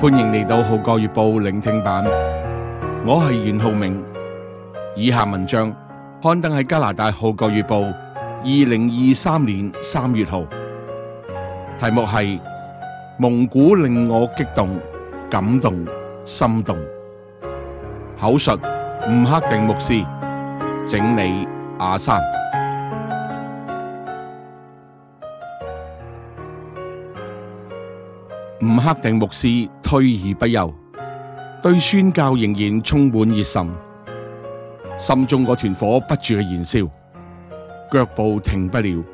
歡迎嚟到《號角月報》聆聽版，我係袁浩明。以下文章刊登喺加拿大《號角月報》二零二三年三月號，題目係《蒙古令我激動、感動、心動》，口述吳克定牧師，整理阿山。克定牧師退而不休，對宣教仍然充滿熱忱。心中個團火不住嘅燃燒，腳步停不了，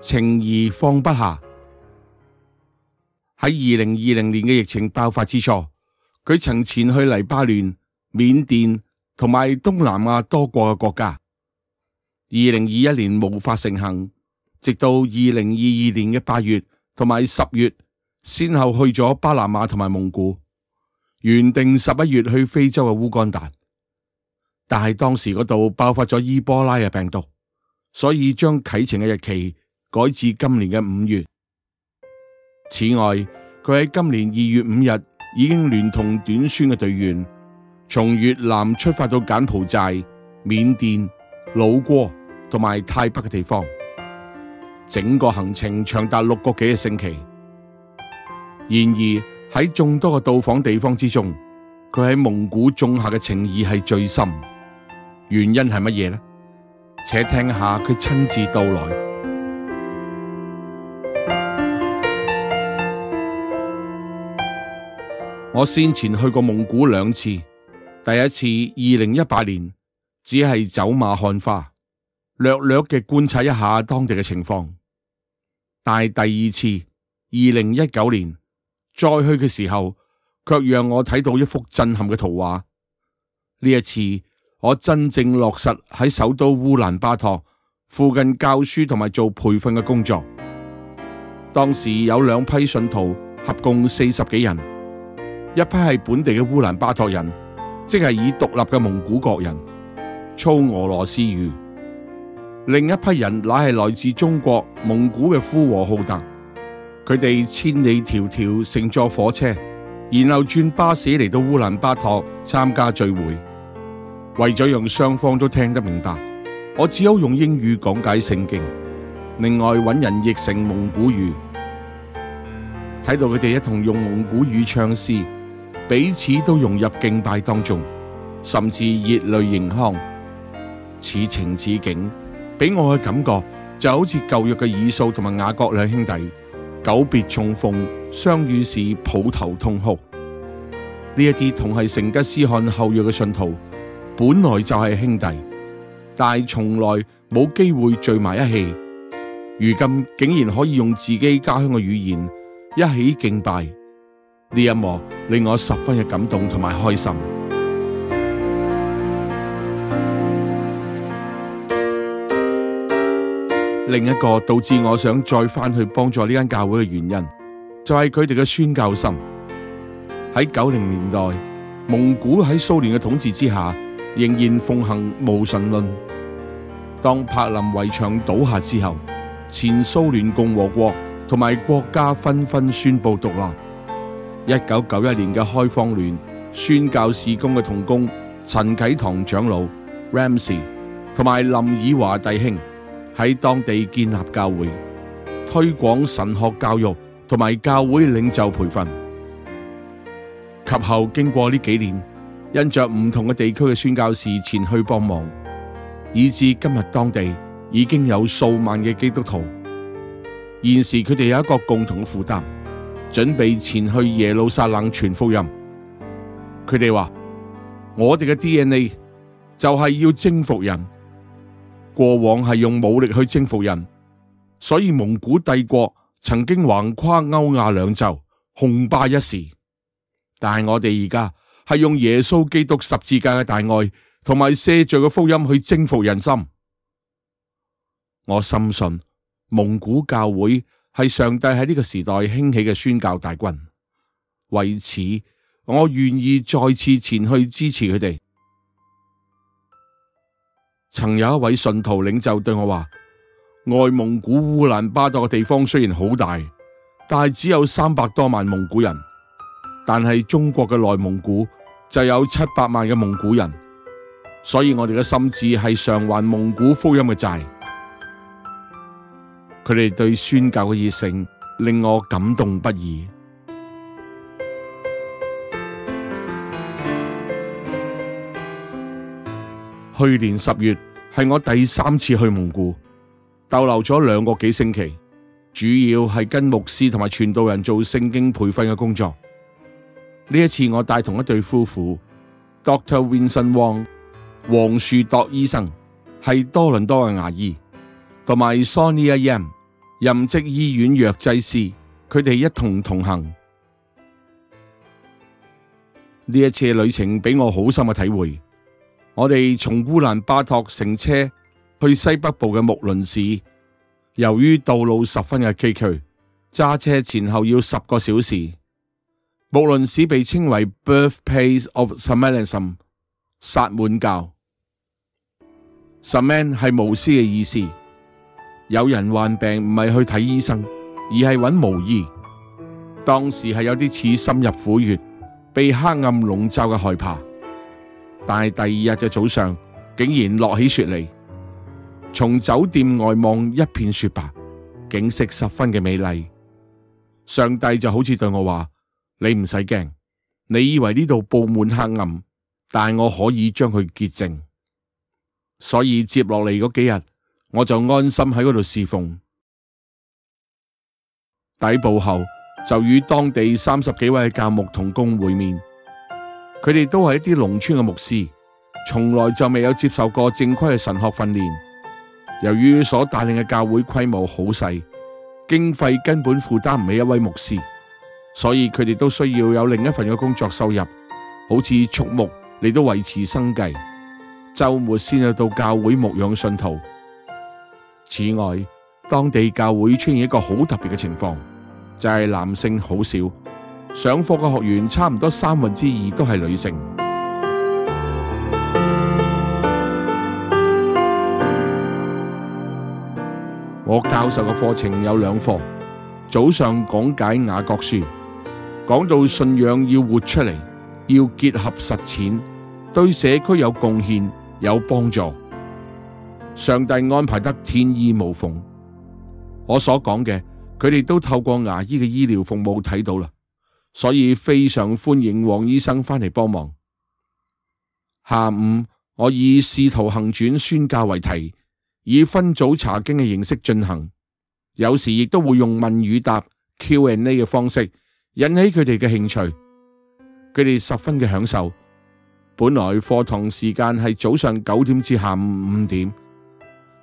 情誼放不下。喺二零二零年嘅疫情爆發之初，佢曾前去黎巴嫩、緬甸同埋東南亞多個嘅國家。二零二一年無法成行，直到二零二二年嘅八月同埋十月。先後去咗巴拿馬同埋蒙古，原定十一月去非洲嘅烏干達，但係當時嗰度爆發咗伊波拉嘅病毒，所以將啟程嘅日期改至今年嘅五月。此外，佢喺今年二月五日已經聯同短宣嘅隊員，從越南出發到柬埔寨、緬甸、老撾同埋泰北嘅地方，整個行程長達六個幾個星期。然而喺眾多嘅到訪地方之中，佢喺蒙古種下嘅情誼係最深。原因係乜嘢呢？且聽下佢親自道來。 我先前去過蒙古兩次，第一次二零一八年，只係走馬看花，略略嘅觀察一下當地嘅情況。但係第二次二零一九年。再去嘅時候，卻讓我睇到一幅震撼嘅圖畫。呢一次，我真正落實喺首都烏蘭巴托附近教書同埋做培訓嘅工作。當時有兩批信徒，合共四十幾人，一批係本地嘅烏蘭巴托人，即係以獨立嘅蒙古國人，操俄羅斯語；另一批人乃係來自中國蒙古嘅呼和浩特。佢哋千里迢迢乘坐火車，然後轉巴士嚟到烏蘭巴托參加聚會。為咗讓雙方都聽得明白，我只好用英語講解聖經。另外搵人譯成蒙古語，睇到佢哋一同用蒙古語唱詩，彼此都融入敬拜當中，甚至熱淚盈眶。此情此景，俾我嘅感覺就好似舊約嘅以掃同埋雅各兩兄弟。久別重逢，相遇時抱頭痛哭。呢一啲同係成吉思汗後裔嘅信徒，本來就係兄弟，但係從來冇機會聚埋一起。如今竟然可以用自己家鄉嘅語言一起敬拜，呢一幕令我十分嘅感動同埋開心。另一個導致我想再翻去幫助呢間教會嘅原因，就係佢哋嘅宣教心。喺九零年代，蒙古喺蘇聯嘅統治之下，仍然奉行無神論。當柏林圍牆倒下之後，前蘇聯共和國同埋國家紛紛宣布獨立。一九九一年嘅開放年，宣教事工嘅同工陳啟堂長老、Ramsey 同埋林以華弟兄。喺當地建立教會，推廣神學教育同埋教會領袖培訓。及後經過呢幾年，因着唔同嘅地區嘅宣教士前去幫忙，以至今日當地已經有數萬嘅基督徒。現時佢哋有一個共同嘅負擔，準備前去耶路撒冷傳福音。佢哋話：我哋嘅 DNA 就係要征服人。過往係用武力去征服人，所以蒙古帝國曾經橫跨歐亞兩洲，雄霸一時。但係我哋而家係用耶穌基督十字架嘅大愛同埋赦罪嘅福音去征服人心。我深信蒙古教會係上帝喺呢個時代興起嘅宣教大軍，為此我願意再次前去支持佢哋。曾有一位信徒領袖對我話：外蒙古烏蘭巴托嘅地方雖然好大，但係只有三百多萬蒙古人；但係中國嘅內蒙古就有七百萬嘅蒙古人。所以我哋嘅心志係償還蒙古福音嘅債。佢哋對宣教嘅熱誠令我感動不已。 去年十月，係我第三次去蒙古，逗留咗兩個幾星期，主要係跟牧師同埋傳道人做聖經培訓嘅工作。呢一次我帶同一對夫婦 Dr. Vincent Wong 黃樹鐸醫生係多倫多嘅牙醫，同埋 Sonny Yam 任職醫院藥劑師，佢哋一同同行。呢一次嘅旅程俾我好深嘅體會。我哋從烏蘭巴托乘車去西北部嘅木倫市，由於道路十分嘅崎嶇，揸車前後要十個小時。木倫市被稱為 Birthplace of Shamanism，薩滿教。Shaman 係巫師嘅意思。有人患病唔係去睇醫生，而係搵巫醫。當時係有啲似深入虎穴、被黑暗籠罩嘅害怕。但係第二日嘅早上，竟然落起雪嚟，從酒店外望一片雪白，景色十分嘅美麗。上帝就好似對我話：你唔使驚，你以為呢度布滿黑暗，但我可以將佢潔淨。所以接落嚟嗰幾日，我就安心喺嗰度侍奉。抵步後就與當地三十幾位教牧同工會面。佢哋都係一啲農村嘅牧師，從來就未有接受過正規嘅神學訓練。由於所帶領嘅教會規模好細，經費根本負擔唔起一位牧師，所以佢哋都需要有另一份嘅工作收入，好似畜牧嚟都維持生計。周末先去到教會牧養信徒。此外，當地教會出現一個好特別嘅情況，就係男性好少。上課嘅學員差唔多三分之二都係女性。我教授嘅課程有兩課，早上講解雅各書，講到信仰要活出嚟，要結合實踐，對社區有貢獻有幫助。上帝安排得天衣無縫，我所講嘅佢哋都透過牙醫嘅醫療服務睇到啦。所以非常歡迎黃醫生翻嚟幫忙。下午我以《使徒行傳》宣教為題，以分組查經嘅形式進行，有時亦都會用問與答 Q&A 嘅方式引起佢哋嘅興趣。佢哋十分嘅享受。本來課堂時間係早上九點至下午五點，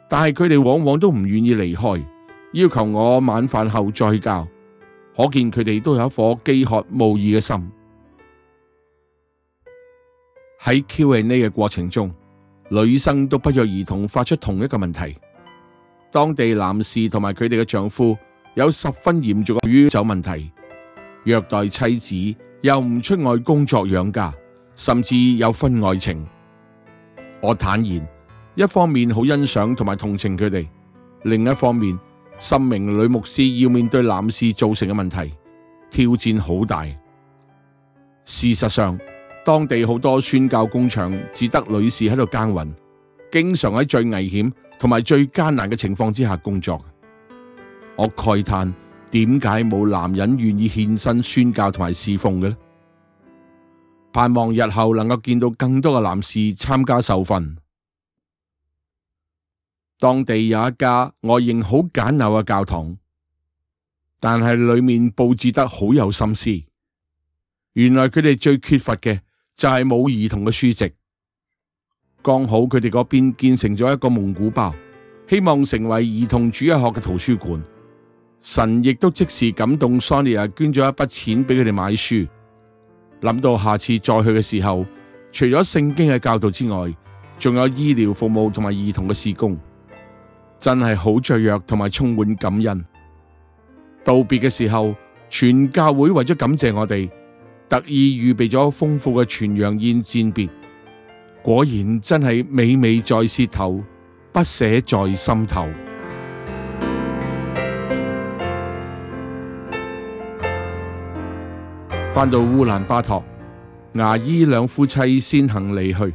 但係佢哋往往都唔願意離開，要求我晚飯後再教。可見佢哋都有一顆飢渴慕義嘅心。喺 Q&A 嘅過程中，女生都不約而同發出同一個問題：當地男士同埋佢哋嘅丈夫有十分嚴重嘅酗酒問題，虐待妻子，又唔出外工作養家，甚至有婚外情。我坦言，一方面好欣賞同埋同情佢哋，另一方面。新明女牧師要面對男士造成嘅問題，挑戰好大。事實上，當地好多宣教工場只得女士喺度耕耘，經常喺最危險同埋最艱難嘅情況之下工作。我慨嘆，點解冇男人願意獻身宣教同埋侍奉嘅咧？盼望日後能夠見到更多嘅男士參加受訓。當地有一家外形好簡陋嘅教堂，但係裏面佈置得好有心思。原來佢哋最缺乏嘅就係冇兒童嘅書籍。剛好佢哋嗰邊建成咗一個蒙古包，希望成為兒童主日學嘅圖書館。神亦都即時感動 Sonya 捐咗一筆錢俾佢哋買書。諗到下次再去嘅時候，除咗聖經嘅教導之外，仲有醫療服務同埋兒童嘅事工。真係好脆弱，同埋充滿感恩。道別嘅時候，全教會為咗感謝我哋，特意預備咗豐富嘅全羊宴餞別。果然真係美美在舌頭，不捨在心頭。翻到烏蘭巴托，牙醫兩夫妻先行離去，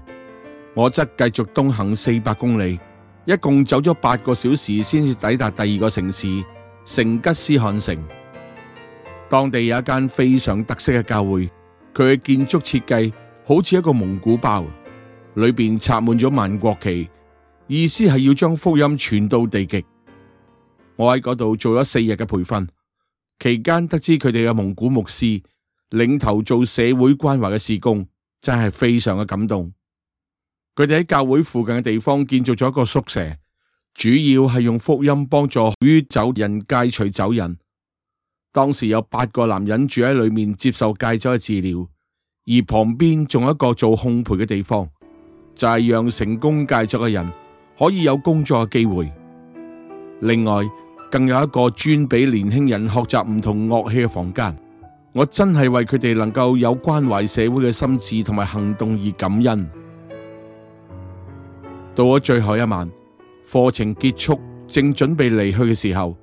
我則繼續東行四百公里。一共走咗八個小時，先至抵達第二個城市成吉思汗城。當地有一間非常特色嘅教會，佢嘅建築設計好似一個蒙古包，裏面插滿咗萬國旗，意思係要將福音傳到地極。我喺嗰度做咗四日嘅培訓，期間得知佢哋嘅蒙古牧師領頭做社會關懷嘅事工，真係非常嘅感動。佢哋喺教會附近嘅地方建造咗一個宿舍，主要係用福音幫助於酒癮、戒除酒癮。當時有八個男人住喺裡面接受戒酒嘅治療，而旁邊仲有一個做烘焙嘅地方，就係、是、讓成功戒酒嘅人可以有工作嘅機會。另外，更有一個專俾年輕人學習唔同樂器嘅房間。我真係為佢哋能夠有關懷社會嘅心智同埋行動而感恩。到咗最後一晚，課程結束，正準備離去嘅時候，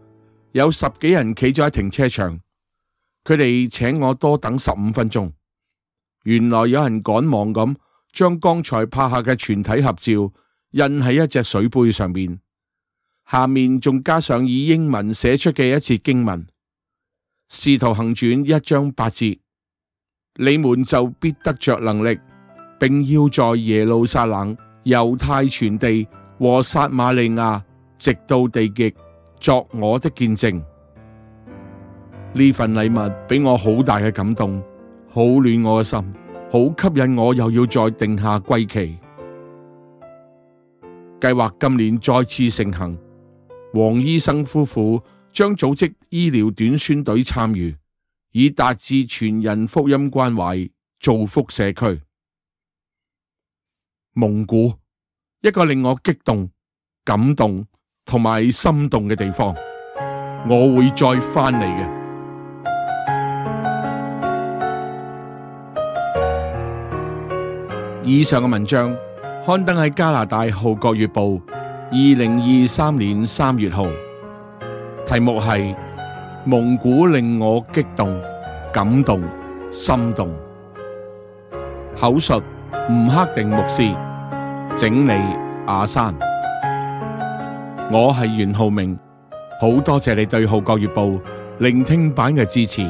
有十幾人企咗喺停車場，佢哋請我多等十五分鐘。原來有人趕忙咁將剛才拍下嘅全體合照印喺一隻水杯上面，下面仲加上以英文寫出嘅一節經文，《使徒行傳》一章八節，你們就必得着能力，並要在耶路撒冷，猶太全地和撒瑪利亞，直到地極，作我的見證。呢份禮物俾我好大嘅感動，好暖我嘅心，好吸引我，又要再定下歸期。計劃今年再次成行，黃醫生夫婦將組織醫療短宣隊參與，以達至全人福音關懷，造福社區。蒙古一個令我激動、感動同埋心動嘅地方，我會再翻嚟嘅。以上嘅文章刊登喺加拿大《號角月報》二零二三年三月號，題目係《蒙古令我激動、感動、心動》，口述。吳克定牧師整理阿山，我係袁浩明，好多謝你對號角月報聆聽版嘅支持。